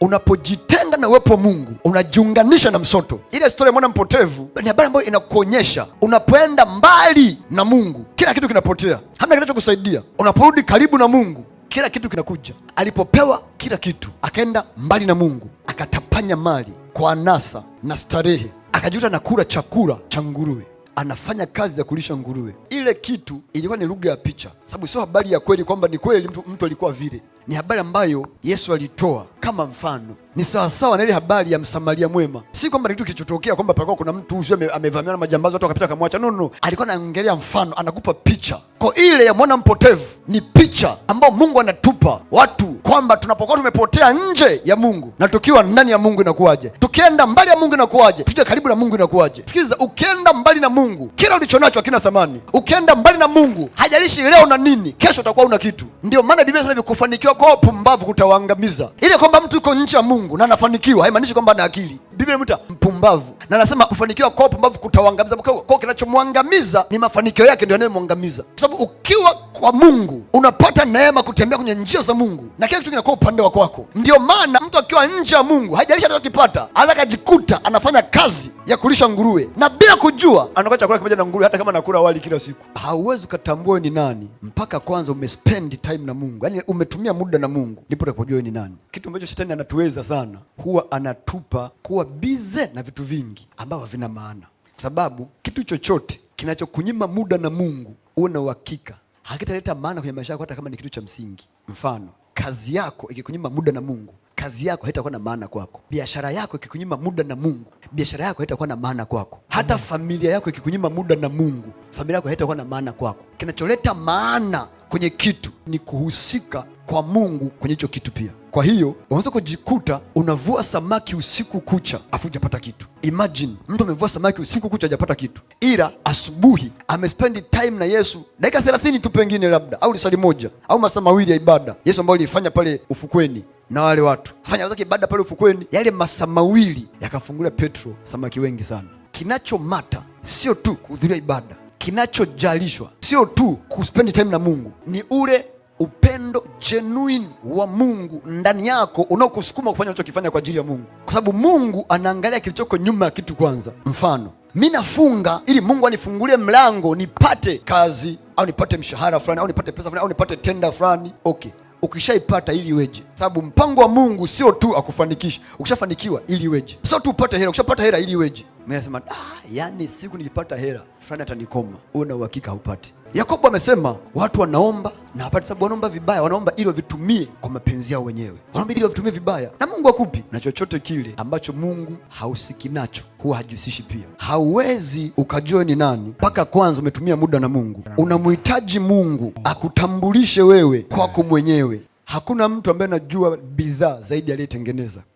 Unapojitenga na uwepo wa Mungu unajiunganisha na msoto. Ile stori ya mwana mpotevu ni habari ambayo inakuonyesha unapoenda mbali na Mungu kila kitu kinapotea, hamna kinachokusaidia. Unaporudi karibu na Mungu kila kitu kinakuja. Alipopewa kila kitu, akaenda mbali na Mungu, akatapanya mali kwa anasa na starehe, akajuta na kula chakula cha nguruwe anafanya kazi ya kulisha nguruwe. Ile kitu ilikuwa ni lugha ya picha, sababu sio habari ya kweli kwamba ni kweli mtu, mtu alikuwa vile. Ni habari ambayo Yesu alitoa kama mfano ni sawasawa na ile habari ya Msamaria mwema. Si kwamba kitu kilichotokea kwamba palikuwa kuna mtu uzi amevamiwa na majambazi, watu wakapita akamwacha. No, no, alikuwa anaongelea mfano, anakupa picha. Kwa ile ya mwana mpotevu ni picha ambayo Mungu anatupa watu kwamba tunapokuwa tumepotea nje ya Mungu na tukiwa ndani ya Mungu inakuwaje? Tukienda mbali ya Mungu inakuwaje? Tukija karibu na Mungu inakuwaje? Sikiliza, ukienda mbali na Mungu kila ulichonacho hakina thamani. Ukienda mbali na Mungu, hajalishi leo na nini, kesho utakuwa una kitu. Ndio maana Biblia inasema hivi, kufanikiwa kwa pumbavu kutawaangamiza kwamba mtu yuko nje ya Mungu na anafanikiwa haimaanishi kwamba ana akili. Biblia mta mpumbavu, na anasema kufanikiwa kwa upumbavu kutauangamiza. Kwa kinachomwangamiza ni mafanikio yake, ndio yanayomwangamiza, kwa sababu ukiwa kwa Mungu unapata neema kutembea kwenye njia za Mungu na kila kitu kinakuwa upande wa kwako. Ndio maana mtu akiwa nje ya Mungu hajalishi atakipata, anaweza akajikuta anafanya kazi ya kulisha nguruwe na bila kujua anakula chakula kimoja na nguruwe, hata kama anakula wali kila siku. Hauwezi ukatambua ni nani mpaka kwanza umespend time na Mungu, yani umetumia muda na Mungu, ndipo utakapojua ni nani. Kitu ambacho shetani anatuweza sana, huwa anatupa kuwa bize na vitu vingi ambavyo havina maana, kwa sababu kitu chochote kinachokunyima muda na Mungu uwe na uhakika hakitaleta maana kwenye maisha yako, hata kama ni kitu cha msingi. Mfano, kazi yako ikikunyima muda na Mungu, kazi yako haitakuwa na maana kwako. Biashara yako ikikunyima muda na Mungu, biashara yako haitakuwa na maana kwako. Hata Amen. Familia yako ikikunyima muda na Mungu, familia yako haitakuwa na maana kwako. Kinacholeta maana kwenye kitu ni kuhusika kwa Mungu kwenye hicho kitu pia. Kwa hiyo unaweza kujikuta unavua samaki usiku kucha afu hujapata kitu. Imagine mtu amevua samaki usiku kucha hajapata kitu, ila asubuhi amespendi time na Yesu dakika thelathini tu pengine labda au lisali moja au masaa mawili ya ibada Yesu ambayo ilifanya pale ufukweni na wale watu fanya zake ibada pale ufukweni, yale masaa mawili yakafungulia Petro samaki wengi sana. Kinachomata sio tu kuhudhuria ibada, kinachojalishwa sio tu kuspendi time na Mungu, ni ule upendo genuine wa Mungu ndani yako unaokusukuma kufanya unachokifanya kwa ajili ya Mungu, kwa sababu Mungu anaangalia kilichoko nyuma ya kitu kwanza. Mfano, mi nafunga ili Mungu anifungulie mlango nipate kazi au nipate mshahara fulani au nipate pesa fulani au nipate tenda fulani. Okay, ukishaipata ili iweje? Sababu mpango wa Mungu sio tu akufanikisha, ukishafanikiwa ili iweje? Sio tu upate hela, ukishapata hela ili iweje? Mimi nasema ah, yani siku nikipata hela fulani atanikoma. Una uhakika haupati Yakobo amesema watu wanaomba na hapati sababu, wanaomba vibaya, wanaomba ili wavitumie kwa mapenzi yao wenyewe, wanaomba ili wavitumie vibaya, na Mungu akupi na chochote kile ambacho Mungu hausiki nacho, huwa hajihusishi pia. Hauwezi ukajua ni nani mpaka kwanza umetumia muda na Mungu. Unamhitaji Mungu akutambulishe wewe kwako mwenyewe. Hakuna mtu ambaye anajua bidhaa zaidi aliyetengeneza.